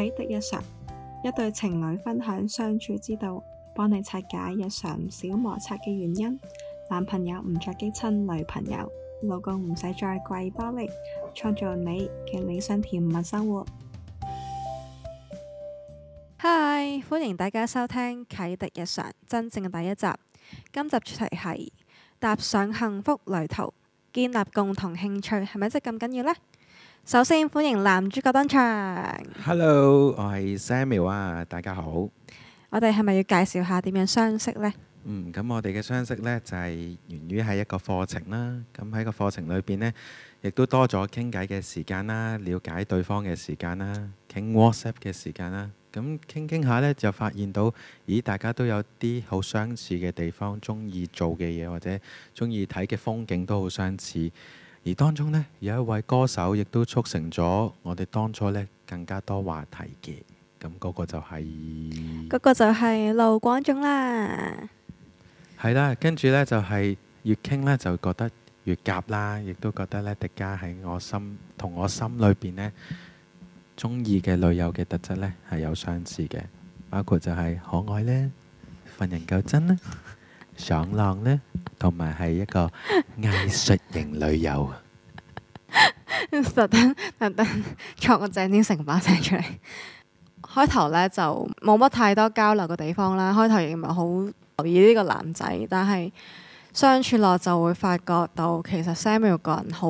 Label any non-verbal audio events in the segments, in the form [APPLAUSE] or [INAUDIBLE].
啟迪日常，一對情侶分享相處之道，幫你拆解日常小摩擦嘅原因。男朋友唔着激親女朋友，老公唔使再跪玻璃，創造你嘅理想甜蜜生活。嗨，歡迎大家收聽啟迪日常，真正嘅第一集。今集主題係踏上幸福旅途，建立共同興趣，係咪真咁緊要呢？首先，歡迎男主角登場。Hello，我係 Samuel 啊，大家好。我哋係咪要介紹下點樣相識呢？嗯，咁我哋嘅相識呢就係源於喺一個課程啦。咁喺個課程裏邊呢，亦都多咗傾偈嘅時間啦，了解對方嘅時間啦，傾 WhatsApp 嘅時間啦。咁傾傾下呢，就發現到，咦，大家都有啲好相似嘅地方，中意做嘅嘢或者中意睇嘅風景都好相似。而當中呢，有一位歌手，亦都促成咗我哋當初呢更加多話題嘅。咁、嗯、嗰、那個就係、是、嗰個就係盧廣仲啦。係啦，跟住呢就係越傾呢，就是、就覺得越夾啦，亦都覺得呢廸嘉喺我心同我心裏邊呢中意嘅女友嘅特質呢係有相似嘅，包括就係可愛呢、份人夠真呢、啊。上浪呢，同埋係一個藝術型女友。等等等等，坐我正經成把聲出嚟。開頭呢，就冇乜太多交流嘅地方啦。開頭亦唔係好留意呢個男仔，但係相處落就會發覺到其實 Samuel 個人好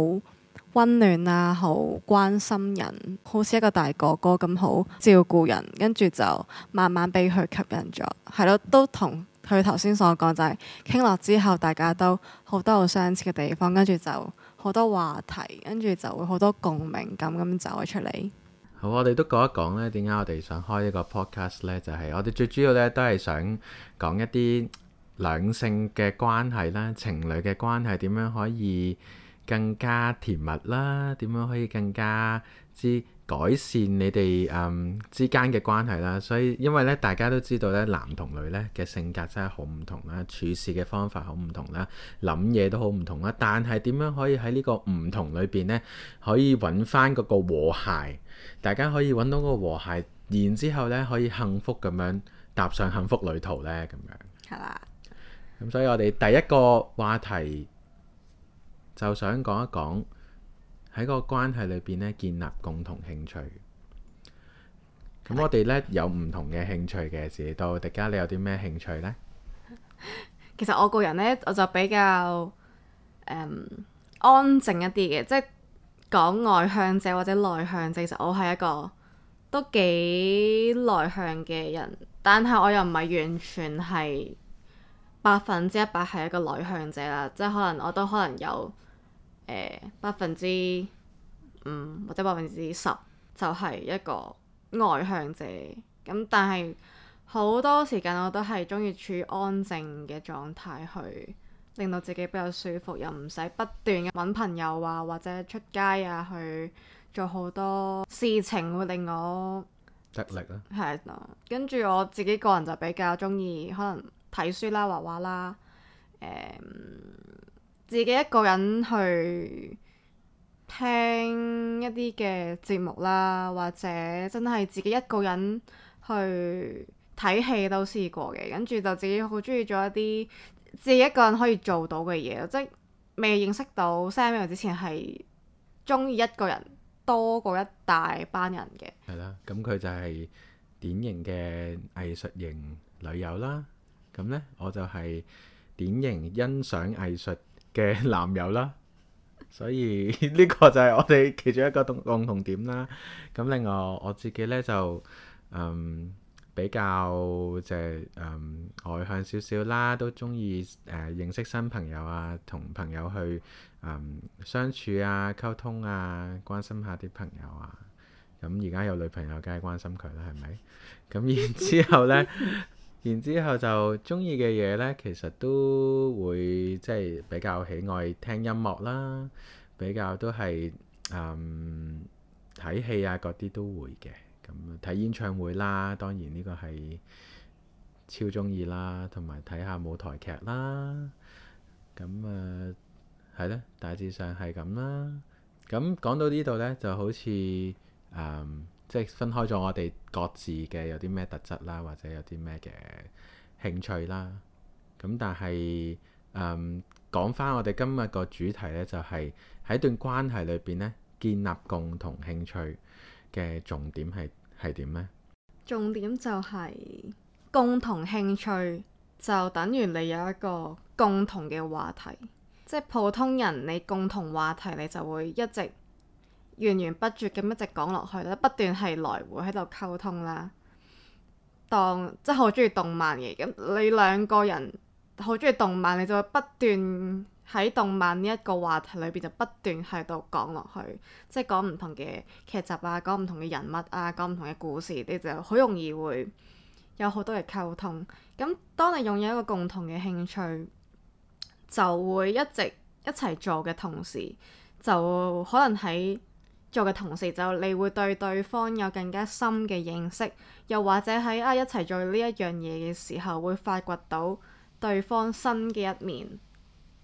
溫暖啊，好關心人，好似一個大哥哥咁好照顧人。跟住就慢慢被佢吸引咗，係咯，都同。佢頭先所講就係傾落之後，大家都好多好相似嘅地方，跟住就好多話題，跟住就會好多共鳴感咁走出嚟。好，我哋都講一講呢，點解我哋想開一個 podcast 呢？就係我哋最主要呢都係想講一啲兩性嘅關係啦，情侶嘅關係點樣可以更加甜蜜啦？點樣可以更加之，改善你哋嗯之間嘅關係啦，所以因為咧，大家都知道咧，男同女咧嘅性格真係好唔同啦，處事嘅方法好唔同啦，諗嘢都好唔同啦。但係點樣可以喺呢個唔同裏邊咧，可以揾返嗰個和諧？大家可以揾到個和諧，然之後咧可以幸福咁樣踏上幸福旅途呢。咁樣係啦。咁吧所以我哋第一個話題就想講一講。喺個關係裏邊咧，建立共同興趣。咁我哋咧、嗯、有唔同嘅興趣嘅，至到廸嘉，你有啲咩興趣呢？其實我個人咧，我就比較誒、嗯、安靜一啲嘅，即係講外向者或者內向者，其實我係一個都幾內向嘅人，但係我又唔係完全係百分之一百係一個內向者啦，即係可能我都可能有。呃、百分之五、嗯、或者百分之十就係、是、一個外向者咁、嗯，但係好多時間我都係中意處於安靜嘅狀態去令到自己比較舒服，又唔使不斷嘅揾朋友啊或者出街啊去做好多事情會令我得力啦、係咯、啊，跟住我自己個人就比較中意可能睇書啦、啊、畫畫啦、啊、嗯自己一個人去聽一啲嘅節目啦，或者真係自己一個人去睇戲都試過嘅。跟住就自己好中意做一啲自己一個人可以做到嘅嘢，即未認識到 Samuel 之前係中意一個人多過一大班人嘅。係啦，咁佢就係典型嘅藝術型女友啦。咁呢，我就係典型欣賞藝術嘅男友啦，所以呢個就係我哋其中一個共共同點啦。咁另外我自己呢就、嗯、比較即係外向少少啦，都中意，誒，認識新朋友啊，同朋友去、嗯、相處啊、溝通啊、關心下啲朋友啊。咁而家有女朋友，梗係關心佢啦，係咪？咁然之後呢。 [LAUGHS] 然之後就中意嘅嘢呢，其實都會即係比較喜愛聽音樂啦，比較都係睇戲啊嗰啲都會嘅，咁、嗯、睇演唱會啦，當然呢個係超中意啦，同埋睇下舞台劇啦，咁啊係咯，大致上係咁啦。咁、嗯、講到呢度呢，就好似即係分開咗我哋各自嘅有啲咩特質啦，或者有啲咩嘅興趣啦。咁但係誒、嗯、講翻我哋今日個主題呢，就係、是、喺一段關係裏邊呢，建立共同興趣嘅重點係係點呢？重點就係、是、共同興趣就等於你有一個共同嘅話題，即係普通人你共同話題，你就會一直，源源不絕咁一直講落去啦，不斷係來回喺度溝通啦。當即係好中意動漫嘅咁，你兩個人好中意動漫，你就會不斷喺動漫呢一個話題裏邊就不斷喺度講落去，即係講唔同嘅劇集啊，講唔同嘅人物啊，講唔同嘅故事，你就好容易會有好多嘅溝通。咁當你擁有一個共同嘅興趣，就會一直一齊做嘅同時，就可能喺～做嘅同時，就你會對對方有更加深嘅認識，又或者喺啊一齊做呢一樣嘢嘅時候，會發掘到對方新嘅一面，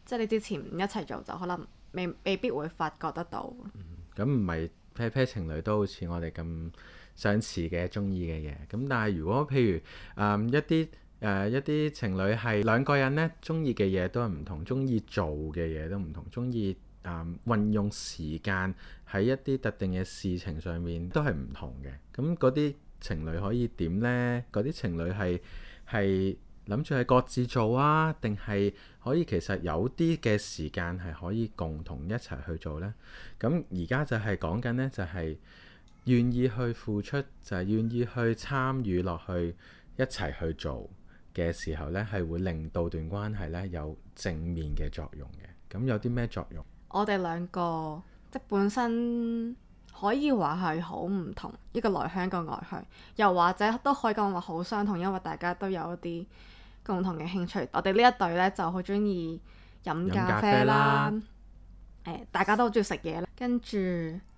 即係你之前唔一齊做就可能未未，未必會發覺得到。咁唔係 pair pair 情侶都好似我哋咁相似嘅中意嘅嘢，咁但係如果譬如誒、呃、一啲誒、呃、一啲情侶係兩個人呢，中意嘅嘢都係唔同，中意做嘅嘢都唔同，中意。誒、嗯、運用時間喺一啲特定嘅事情上面都係唔同嘅。咁嗰啲情侶可以點呢？嗰啲情侶係係諗住係各自做啊，定係可以其實有啲嘅時間係可以共同一齊去做呢？咁而家就係講緊呢，就係願意去付出，就係、是、願意去參與落去一齊去做嘅時候呢，係會令到段關係呢有正面嘅作用嘅。咁有啲咩作用？我哋兩個即本身可以話係好唔同，一個內向一個外向，又或者都可以講話好相同，因為大家都有一啲共同嘅興趣。我哋呢一對呢就好中意飲咖啡啦，誒、哎，大家都好中意食嘢啦，跟住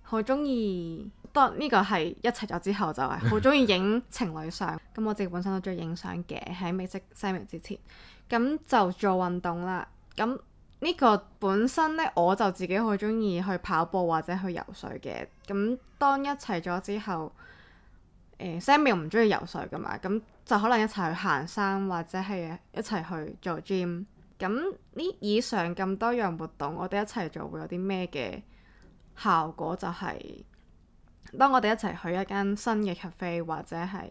好中意。當然呢個係一齊咗之後就係好中意影情侶相。咁 [LAUGHS] 我自己本身都中意影相嘅，喺未識 Samuel 之前，咁就做運動啦，咁。呢個本身咧，我就自己好中意去跑步或者去游水嘅。咁當一齊咗之後，誒 Samuel 又唔中意游水噶嘛，咁就可能一齊去行山或者係一齊去做 gym。咁呢以上咁多樣活動，我哋一齊做會有啲咩嘅效果？就係、是、當我哋一齊去一間新嘅 cafe 或者係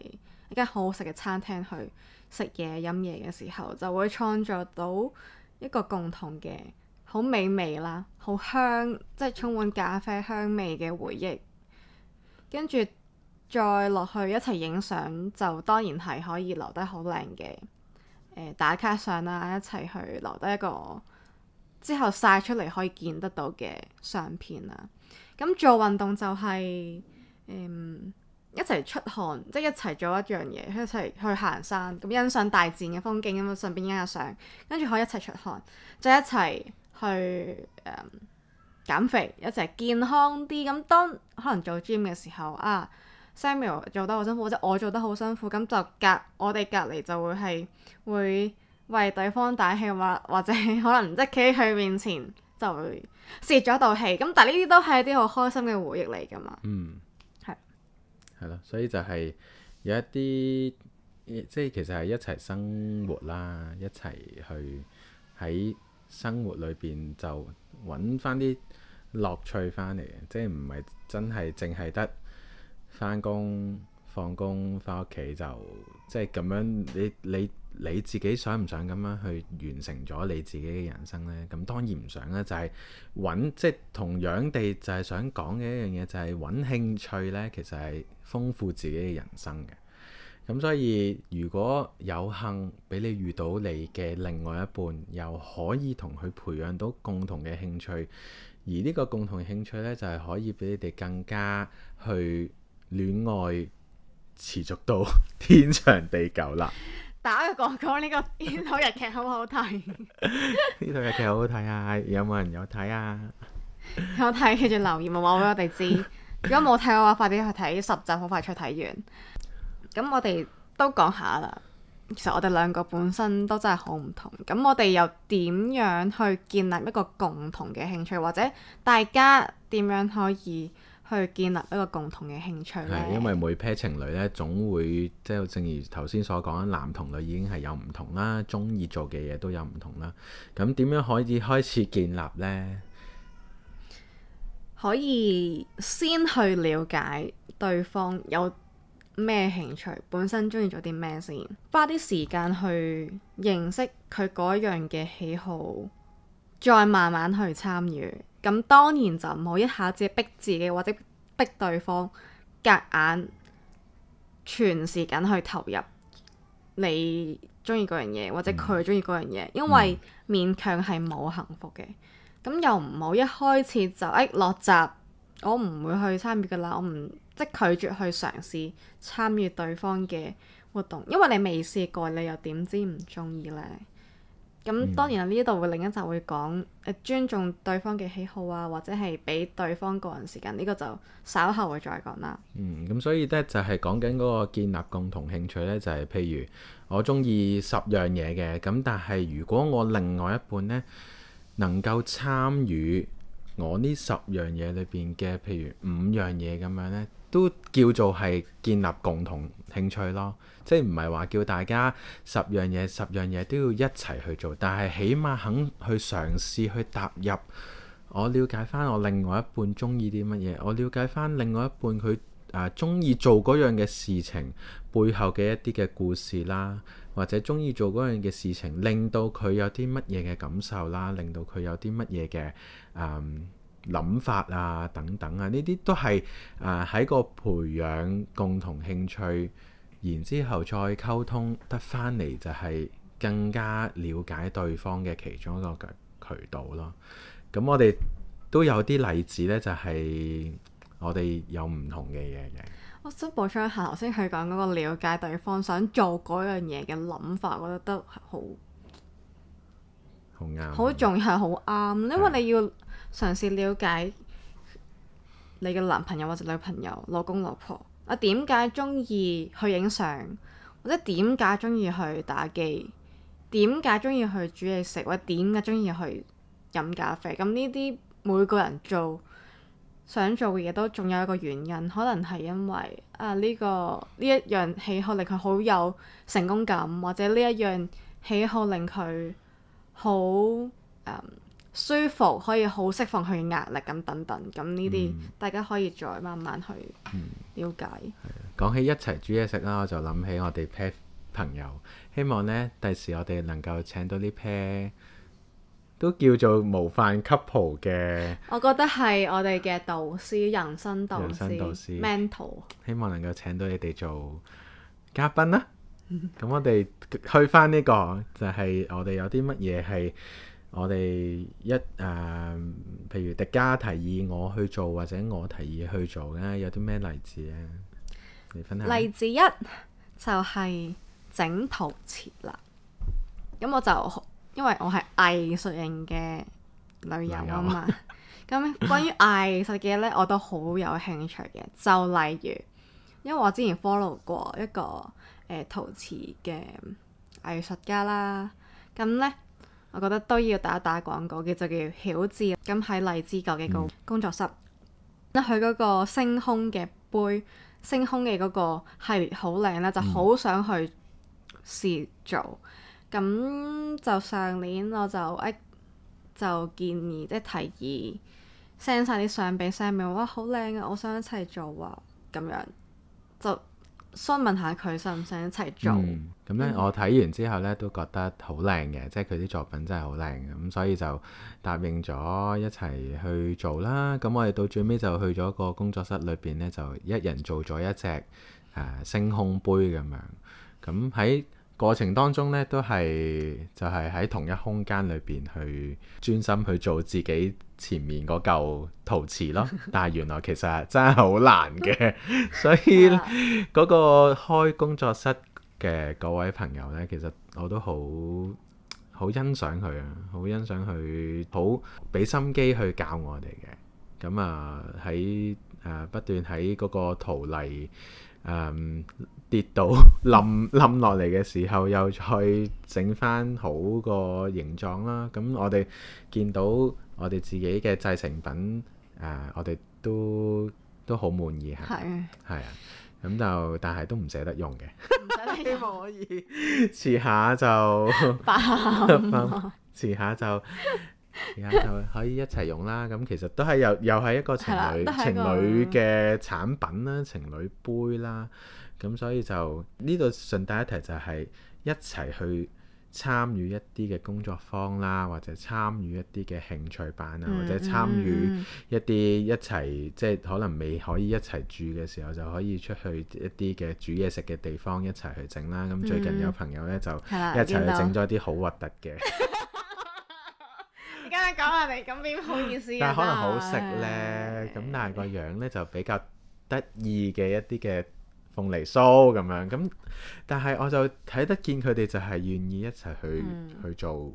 一間好好食嘅餐廳去食嘢飲嘢嘅時候，就會創造到。一個共同嘅好美味啦，好香，即係充滿咖啡香味嘅回憶。跟住再落去一齊影相，就當然係可以留低好靚嘅誒打卡相啦。一齊去留低一個之後晒出嚟可以見得到嘅相片啦。咁做運動就係、是、誒。嗯一齊出汗，即係一齊做一樣嘢，一齊去行山咁欣賞大自然嘅風景咁啊，樣順便影下相，跟住可以一齊出汗，再一齊去誒、嗯、減肥，一齊健康啲。咁當可能做 gym 嘅時候啊，Samuel 做得好辛苦，或者我做得好辛苦，咁就隔我哋隔離就會係會為對方打氣，或或者可能即係企喺佢面前就泄咗一道氣。咁但係呢啲都係一啲好開心嘅回憶嚟㗎嘛。嗯係咯，所以就係有一啲，即係其實係一齊生活啦，一齊去喺生活裏邊就揾翻啲樂趣翻嚟嘅，即係唔係真係淨係得翻工放工翻屋企就即係咁樣你你。你你自己想唔想咁樣去完成咗你自己嘅人生呢？咁當然唔想啦，就係揾即同樣地就，就係想講嘅一樣嘢就係揾興趣呢。其實係豐富自己嘅人生嘅。咁所以如果有幸俾你遇到你嘅另外一半，又可以同佢培養到共同嘅興趣，而呢個共同興趣呢，就係可以俾你哋更加去戀愛持續到天長地久啦。打個廣告，呢個呢套日劇好好睇。呢 [LAUGHS] 套日劇好好睇啊！有冇人有睇啊？ [LAUGHS] 有睇記住留言啊！我話俾我哋知。 [LAUGHS] 如果冇睇嘅話，快啲去睇十集，好快脆睇完。咁我哋都講下啦。其實我哋兩個本身都真係好唔同。咁我哋又點樣去建立一個共同嘅興趣，或者大家點樣可以？去建立一個共同嘅興趣咧，係因為每批情侶咧總會，即係正如頭先所講，男同女已經係有唔同啦，中意做嘅嘢都有唔同啦。咁點樣可以開始建立呢？可以先去了解對方有咩興趣，本身中意做啲咩先，花啲時間去認識佢嗰樣嘅喜好，再慢慢去參與。咁當然就唔好一下子逼自己，或者逼對方夾硬，硬，全時間去投入你中意嗰樣嘢，或者佢中意嗰樣嘢，因為勉強係冇幸福嘅。咁、嗯、又唔好一開始就誒落、哎、閘，我唔會去參與噶啦，我唔即拒絕去嘗試參與對方嘅活動，因為你未試過，你又點知唔中意咧？咁、嗯、當然啦，呢一度會另一集會講誒、嗯、尊重對方嘅喜好啊，或者係俾對方個人時間，呢、呢個就稍後會再講啦。咁、嗯嗯、所以呢，就係、係、講緊嗰個建立共同興趣呢，就係、係、譬如我中意十樣嘢嘅咁，但係如果我另外一半呢，能夠參與我呢十樣嘢裏邊嘅譬如五樣嘢咁樣呢。都叫做係建立共同興趣咯，即係唔係話叫大家十樣嘢十樣嘢都要一齊去做，但係起碼肯去嘗試去踏入。我了解翻我另外一半中意啲乜嘢，我了解翻另外一半佢誒中意做嗰樣嘅事情背後嘅一啲嘅故事啦，或者中意做嗰樣嘅事情令到佢有啲乜嘢嘅感受啦，令到佢有啲乜嘢嘅誒。嗯諗法啊，等等啊，呢啲都係啊喺個培養共同興趣，然之後再溝通得翻嚟，就係更加了解對方嘅其中一個渠道咯。咁、嗯嗯嗯、我哋都有啲例子呢，就係、是、我哋有唔同嘅嘢嘅。我想補充下頭先佢講嗰個了解對方想做嗰樣嘢嘅諗法，我覺得好好啱，好重要，係好啱，因為你要。嘗試了解你嘅男朋友或者女朋友、老公、老婆，啊點解中意去影相，或者點解中意去打機，點解中意去煮嘢食，或者點解中意去飲咖啡。咁呢啲每個人做想做嘅嘢都仲有一個原因，可能係因為啊呢個呢一樣喜好令佢好有成功感，或者呢一樣喜好令佢好誒、嗯舒服可以好釋放佢嘅壓力咁等等，咁呢啲大家可以再慢慢去了解。嗯嗯、講起一齊煮嘢食啦，我就諗起我哋 pair 朋友，希望呢第時我哋能夠請到呢 pair 都叫做模範 couple 嘅。我覺得係我哋嘅導師，人生導師 mental 希望能夠請到你哋做嘉賓啦。咁 [LAUGHS] 我哋去翻呢、呢個就係、係、我哋有啲乜嘢係。我哋一誒、呃，譬如廸嘉提議我去做，或者我提議去做咧，有啲咩例子咧？你分享例子一就係、是、整陶瓷啦。咁、嗯、我就因為我係藝術型嘅旅遊啊嘛。咁是我 [LAUGHS] 關於藝術嘅咧，我都好有興趣嘅。就例如，因為我之前 follow 過一個誒、呃、陶瓷嘅藝術家啦。咁咧。我覺得都要打一打廣告，叫做叫曉智，咁喺荔枝角嘅個工作室，佢嗰、嗯、個星空嘅杯，星空嘅嗰個系列好靚咧，就好想去試做。咁、嗯、就上年我就一就建議，即係提議 send 晒啲相俾 Sam，我話，哇好靚啊！我想一齊做啊！咁樣就詢問下佢想唔想一齊做。嗯咁咧，呢嗯、我睇完之後咧，都覺得好靚嘅，即係佢啲作品真係好靚。咁所以就答應咗一齊去做啦。咁我哋到最尾就去咗個工作室裏邊咧，就一人做咗一隻誒、啊、星空杯咁樣。咁喺過程當中咧，都係就係、是、喺同一空間裏邊去專心去做自己前面嗰嚿陶瓷咯。 [LAUGHS] 但係原來其實真係好難嘅， [LAUGHS] 所以嗰 Yeah. 個開工作室。嘅各位朋友呢，其實我都好好欣賞佢啊，好欣賞佢，好俾心機去教我哋嘅。咁、嗯、啊喺誒、啊、不斷喺嗰個陶泥誒跌到冧冧落嚟嘅時候，又再整翻好個形狀啦。咁、嗯、我哋見到我哋自己嘅製成品誒、啊，我哋都都好滿意嚇，係啊的。咁就，但係都唔捨得用嘅。唔捨得，希望可以遲下就分遲 [LAUGHS] [LAUGHS] 下就遲下就可以一齊用啦。咁其實都係又又係一個情侶情侶嘅產品啦，情侶杯啦。咁所以就呢度順帶一提，就係一齊去參與一啲嘅工作坊啦，或者參與一啲嘅興趣班啊，嗯嗯或者參與一啲一齊，即、就、係、是、可能未可以一齊住嘅時候，就可以出去一啲嘅煮嘢食嘅地方一齊去整啦。咁、嗯嗯嗯、最近有朋友呢，就一齊去整咗啲好核突嘅。而家、嗯嗯、 [LAUGHS] 你講下哋咁點好意思？但係可能好食呢，咁是但係個樣呢，就比較得意嘅一啲嘅。鳳梨酥咁樣咁，但係我就睇得見佢哋就係願意一齊去、嗯、去做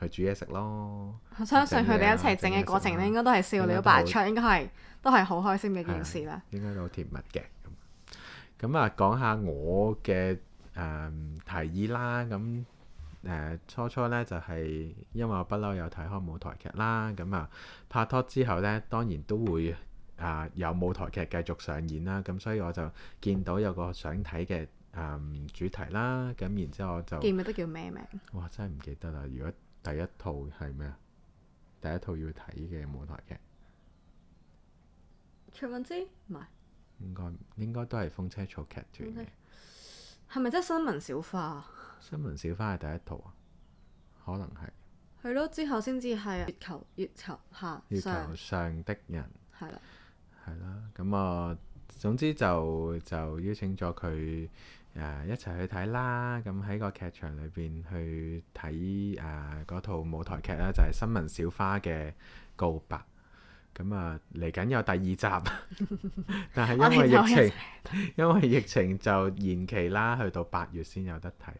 去煮嘢食咯。我相信佢哋一齊整嘅過程咧、嗯嗯，應該都係笑料百出，應該係都係好開心嘅一件事啦。應該都好甜蜜嘅咁。咁、嗯、啊、嗯嗯，講下我嘅誒、嗯、提議啦。咁、嗯、誒、嗯、初初呢，就係、是、因為我不嬲有睇開舞台劇啦。咁、嗯、啊拍拖之後呢，當然都會。啊！有舞台劇繼續上演啦，咁所以我就見到有個想睇嘅嗯主題啦，咁然之後我就記唔記得叫咩名？哇！真係唔記得啦。如果第一套係咩啊？第一套要睇嘅舞台劇，徐文之？唔係，應該應該都係風車草劇團嘅。係咪即係新聞小花，新聞小花係第一套啊？可能係，係咯。之後先至係月球，月球下，啊、月球上的人係啦。嗯係啦，咁我、嗯嗯、總之就就邀請咗佢誒一齊去睇啦，咁、嗯、喺個劇場裏邊去睇誒嗰套舞台劇啦，就係、係《新聞小花》嘅告白。咁、嗯、啊，嚟、嗯、緊有第二集， [LAUGHS] 但係因為疫情，因為疫情就延期啦，去到八月先有得睇。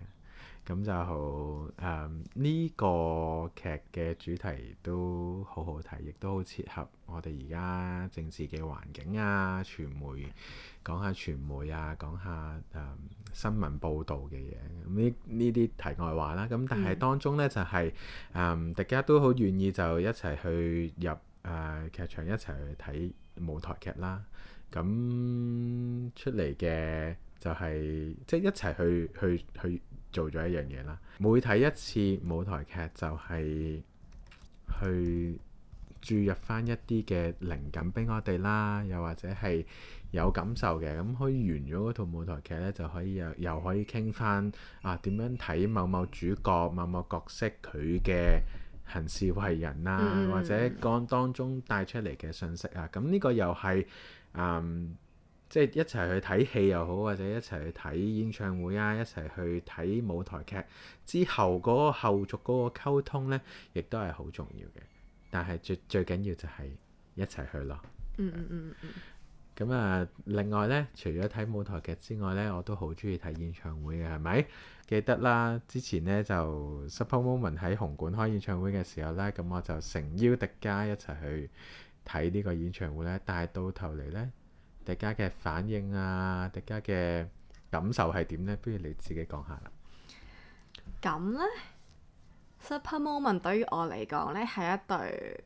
咁就好，呢、嗯呢個劇嘅主題都好好睇，亦都好切合我哋而家政治嘅環境啊，傳媒講下傳媒啊，講下誒、嗯、新聞報導嘅嘢，咁呢呢啲題外話啦。咁但係當中呢，就係、是、誒、嗯、大家都好願意就一齊去入誒劇、呃、場，一齊去睇舞台劇啦。咁、嗯、出嚟嘅。就係即係一齊去去去做咗一樣嘢啦。每睇一次舞台劇，就係去注入翻一啲嘅靈感俾我哋啦。又或者係有感受嘅，咁可以完咗嗰套舞台劇呢，就可以又又可以傾翻啊點樣睇某某主角、某某角色佢嘅行事為人啦、啊，嗯、或者講當中帶出嚟嘅信息啊。咁呢個又係嗯。即係一齊去睇戲又好，或者一齊去睇演唱會啊，一齊去睇舞台劇。之後嗰個後續嗰個溝通呢，亦都係好重要嘅。但係最最緊要就係一齊去咯。咁、嗯嗯嗯、啊，另外呢，除咗睇舞台劇之外呢，我都好中意睇演唱會嘅，係咪？記得啦，之前呢，就 Super Moment 喺紅館開演唱會嘅時候呢，咁我就誠邀廸嘉一齊去睇呢個演唱會呢，但係到頭嚟呢。廸嘉嘅反應啊，廸嘉嘅感受係點呢？不如你自己講下啦。咁呢 Super Moment 對於我嚟講呢，係一隊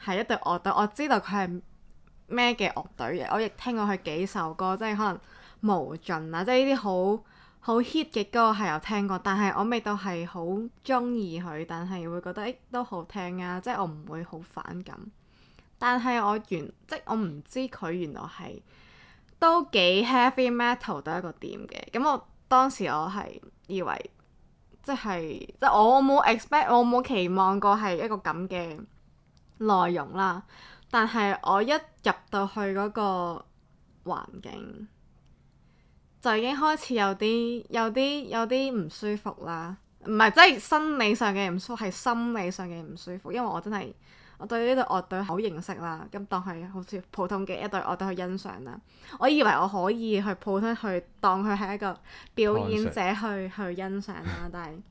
係一隊樂隊，我知道佢係咩嘅樂隊嘅。我亦聽過佢幾首歌，即係可能無盡啊，即係呢啲好好 hit 嘅歌係有聽過，但係我未到係好中意佢，但係會覺得誒、欸、都好聽啊，即係我唔會好反感。但係我原即、就是、我唔知佢原來係都幾 heavy metal 到一個點嘅，咁我當時我係以為即係即我冇 expect 我冇期望過係一個咁嘅內容啦。但係我一入到去嗰個環境，就已經開始有啲有啲有啲唔舒服啦。唔係即係生理上嘅唔舒服，係心理上嘅唔舒服，因為我真係。我對呢隊樂隊好認識啦，咁當係好似普通嘅一隊樂隊去欣賞啦。我以為我可以去普通去當佢係一個表演者去去欣賞啦，但係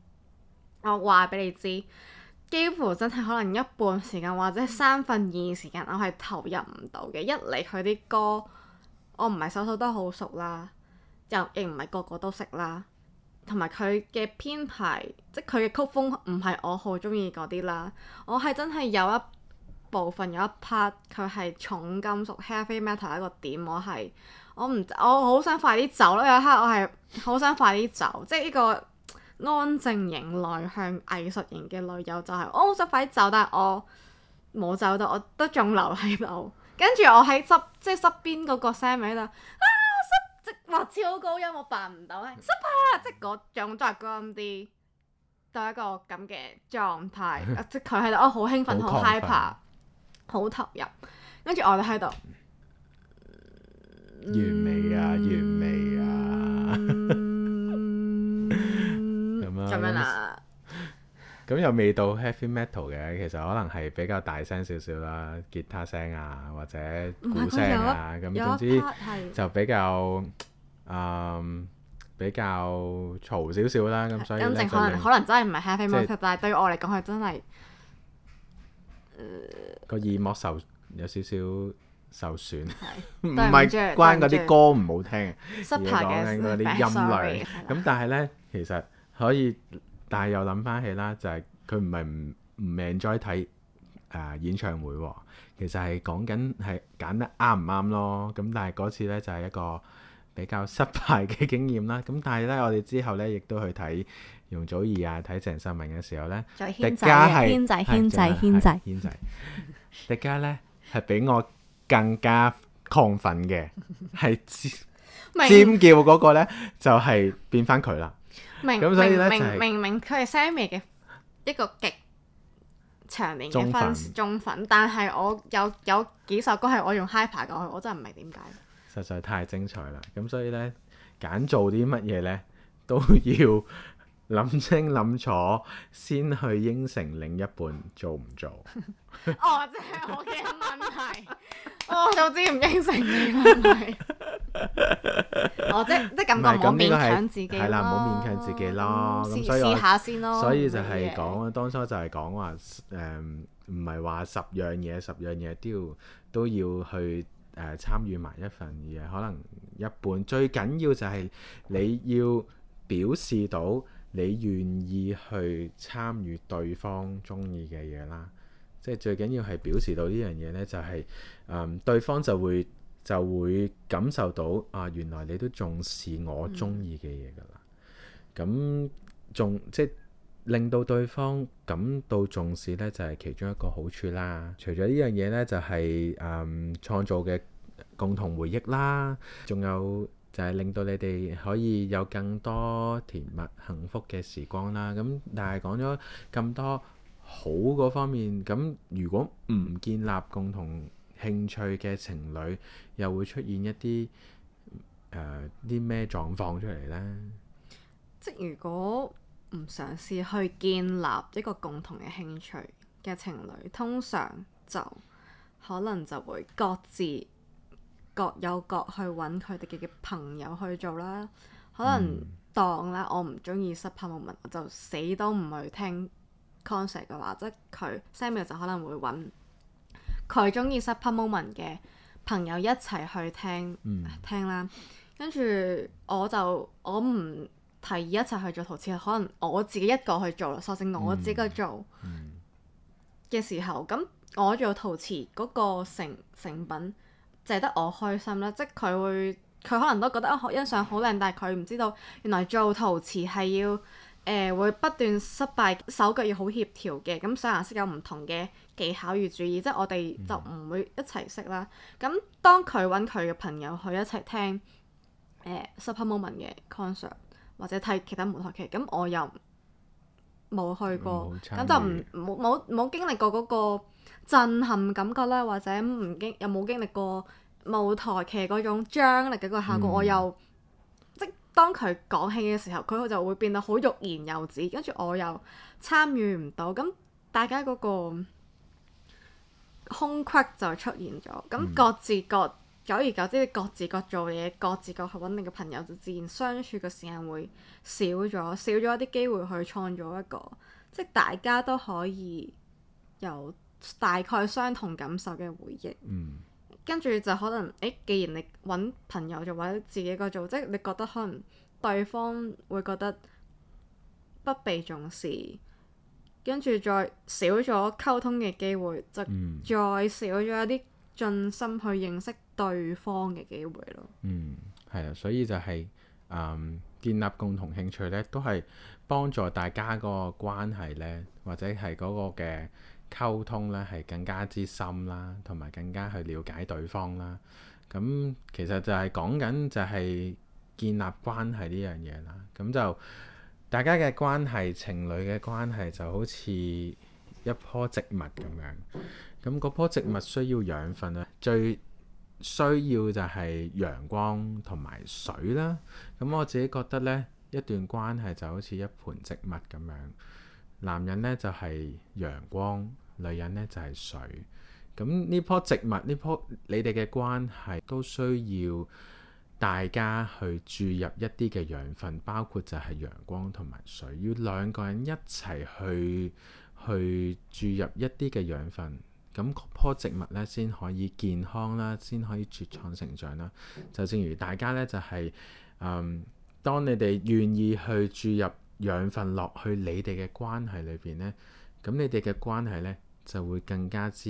我話俾你知， [LAUGHS] 幾乎真係可能一半時間或者三分二時間，我係投入唔到嘅。一嚟佢啲歌，我唔係首首都好熟啦，又亦唔係個個都識啦。同埋佢嘅編排，即佢嘅曲風唔係我好中意嗰啲啦。我係真係有一部分有一 part 佢係重金屬 heavy metal 一個點，我係我唔我好想快啲走咯。有一刻我係好想快啲走，即係呢個安靜型內向藝術型嘅女友就係、是、我好想快啲走，但係我冇走到，我都仲留喺度。跟住我喺側即係側邊嗰個 screen 度。啊即話超高音我扮唔到，super [MUSIC] 即嗰種都係高音啲，都一個咁嘅狀態。 [LAUGHS] 即佢喺度，我好、哦、興奮，好 happy，好投入。跟住我哋喺度，完美啊，嗯、完美啊！咁、嗯 [LAUGHS] 嗯、樣啊？ [MUSIC] 咁又未到 heavy metal 嘅，其實可能係比較大聲少少啦，吉他聲啊或者鼓聲啊，咁總之就比較比較嘈少少啦，咁所以可能真係唔係 heavy metal，但係對我嚟講，係真係誒個耳膜受有少少受損，唔係關嗰啲歌唔好聽，而係講緊嗰啲音量。咁但係呢，其實可以。但係又諗翻起啦，就係佢唔係唔唔 mind 再睇誒演唱會，其實係講緊係揀得啱唔啱咯。咁但係嗰次咧就係、是、一個比較失敗嘅經驗啦。咁但係咧我哋之後咧亦都去睇容祖兒啊，睇鄭秀文嘅時候咧，再軒仔廸嘉係軒仔軒仔軒仔，廸嘉咧係比我更加亢奮嘅，係尖叫嗰個咧就係、是、變翻佢啦。 [LAUGHS] 明、嗯、以明、就是、明明佢係 Sammy 嘅一個極長年嘅 fans 忠粉分，但係我有有幾首歌係我用 hyper 過去，我真係唔明點解。實在太精彩啦！咁所以呢，揀做啲乜嘢呢？都要諗清諗楚，先去應承另一半做唔做。哦，即係我嘅問題。 [LAUGHS] 我就知唔應承你啦，係。 [LAUGHS] [LAUGHS] 哦，即即感覺唔好勉強自己。係啦，唔好勉強自己咯、嗯所。試試下先咯。所以就係講，的當初就係講話誒，唔係話十樣嘢，十樣嘢都要都要去誒、呃、參與埋一份嘢，可能一半。最緊要就係你要表示到你願意去參與對方鍾意嘅嘢啦。即係最緊要係表示到呢樣嘢呢，就係誒對方就會就會感受到啊，原來你都重視我中意嘅嘢㗎啦。咁仲即令到對方感到重視呢，就係其中一個好處啦。除咗呢樣嘢呢，就係誒創造嘅共同回憶啦，仲有就係令到你哋可以有更多甜蜜幸福嘅時光啦。咁但係講咗咁多。好嗰方面，咁如果唔建立共同興趣嘅情侶，又會出現一啲誒啲咩狀況出嚟呢？即如果唔嘗試去建立一個共同嘅興趣嘅情侶，通常就可能就會各自各有各去揾佢哋嘅朋友去做啦。可能當咧、嗯啊，我唔中意 Supper Moment，我就死都唔去聽 concept 嘅話，即係佢 Samuel 就可能會揾佢中意 Super Moment 嘅朋友一齊去聽、嗯、聽啦。跟住我就我唔提議一齊去做陶瓷，可能我自己一個去做咯。索性我自己做嘅時候，咁、嗯嗯、我做陶瓷嗰個成成品，淨係得我開心啦。即係佢會，佢可能都覺得欣賞好靚，但係佢唔知道原來做陶瓷係要。誒、呃、會不斷失敗，手腳要好協調嘅，咁、嗯、上顏色有唔同嘅技巧與注意，即係我哋就唔會一齊識啦。咁、嗯、當佢揾佢嘅朋友去一齊聽誒、呃、Super Moment 嘅 concert，或者睇其他舞台劇，咁、嗯、我又冇去過，咁就唔冇冇冇經歷過嗰個震撼感覺啦，或者唔經又冇經歷過舞台劇嗰種張力嘅個效果，嗯、我又。當佢講起嘅時候，佢就就會變得好欲言又止，跟住我又參與唔到，咁大家嗰個空隙就出現咗，咁各自各久、嗯、而久之，各自各做嘢，各自各去揾你嘅朋友，就自然相處嘅時間會少咗，少咗一啲機會去創造一個即係大家都可以有大概相同感受嘅回憶。嗯。跟住就可能，誒、欸，既然你揾朋友做或者自己個組即係你覺得可能對方會覺得不被重視，跟住再少咗溝通嘅機會，就再少咗一啲盡心去認識對方嘅機會咯。嗯，係啊，所以就係、是、誒、嗯，建立共同興趣呢，都係幫助大家個關係呢，或者係嗰個嘅。溝通咧係更加之深啦，同埋更加去了解對方啦。咁其實就係講緊就係建立關係呢樣嘢啦。咁就大家嘅關係，情侶嘅關係就好似一棵植物咁樣。咁嗰棵植物需要養分呀，最需要就係陽光同埋水啦。咁我自己覺得呢一段關係就好似一盆植物咁樣。男人呢就係陽光，女人呢就係水。咁呢棵植物，呢棵你哋嘅關係都需要大家去注入一啲嘅養分，包括就係陽光同埋水。要兩個人一齊去去注入一啲嘅養分，咁棵植物呢，先可以健康啦，先可以茁壯成長啦。就正如大家呢，就係，嗯，當你哋願意去注入，養份落去你哋嘅關係裏邊呢，咁你哋嘅關係呢，就會更加之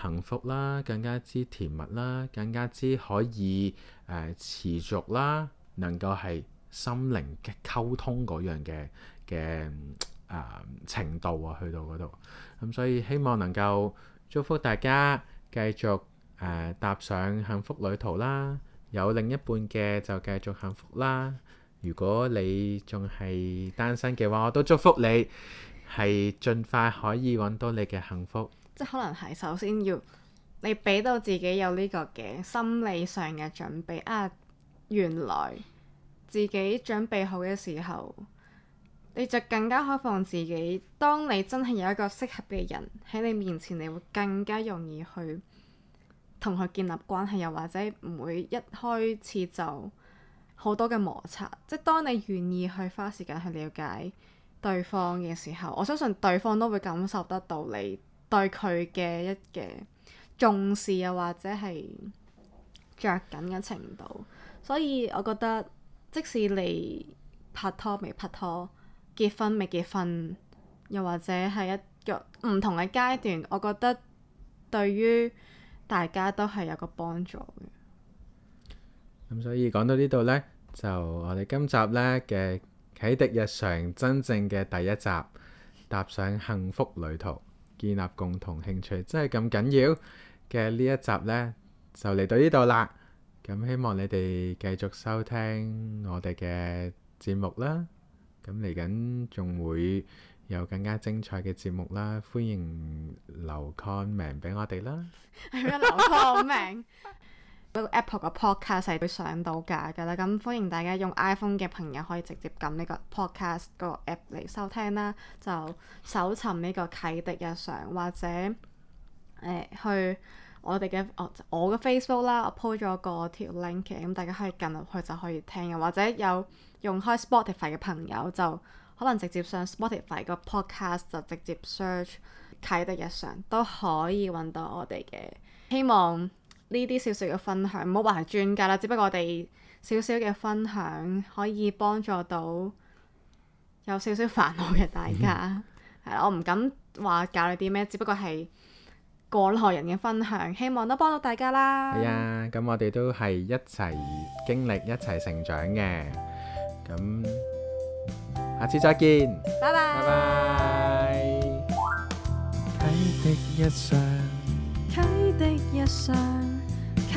幸福啦，更加之甜蜜啦，更加之可以誒、呃、持續啦，能夠係心靈嘅溝通嗰樣嘅嘅誒程度啊，去到嗰度。咁、嗯、所以希望能夠祝福大家繼續誒、呃、踏上幸福旅途啦，有另一半嘅就繼續幸福啦。如果你仲係單身嘅話，我都祝福你係盡快可以揾到你嘅幸福。即係可能係首先要你俾到自己有呢個嘅心理上嘅準備啊，原來自己準備好嘅時候，你就更加開放自己。當你真係有一個適合嘅人喺你面前，你會更加容易去同佢建立關係，又或者唔會一開始就好多嘅摩擦，即當你願意去花時間去了解對方嘅時候，我相信對方都會感受得到你對佢嘅一嘅重視啊，或者係着緊嘅程度。所以我覺得，即使你拍拖未拍拖、結婚未結婚，又或者係一個唔同嘅階段，我覺得對於大家都係有個幫助嘅。咁所以講到呢度呢，就我哋今集呢嘅啟廸日常真正嘅第一集，踏上幸福旅途，建立共同興趣，真係咁緊要嘅呢一集呢，就嚟到呢度啦。咁希望你哋繼續收聽我哋嘅節目啦。咁嚟緊仲會有更加精彩嘅節目啦，歡迎留個名俾我哋啦。係咩？留個名。不過 Apple 個 Podcast 係會上到架㗎啦，咁歡迎大家用 iPhone 嘅朋友可以直接撳呢個 Podcast 個 App 嚟收聽啦，就搜尋呢個啟廸日常或者誒、呃、去我哋嘅我嘅 Facebook 啦，我鋪咗個條 link 嘅，咁大家可以撳入去就可以聽嘅，或者有用開 Spotify 嘅朋友就可能直接上 Spotify 個 Podcast 就直接 search 啟廸日常都可以揾到我哋嘅，希望。呢啲小小嘅分享，唔好話係專家啦，只不過我哋少少嘅分享，可以幫助到有少少煩惱嘅大家。係啦、嗯，我唔敢話教你啲咩，只不過係過來人嘅分享，希望都幫到大家啦。係啊、哎，咁我哋都係一齊經歷、一齊成長嘅。咁下次再見，拜拜 bye，拜拜 bye。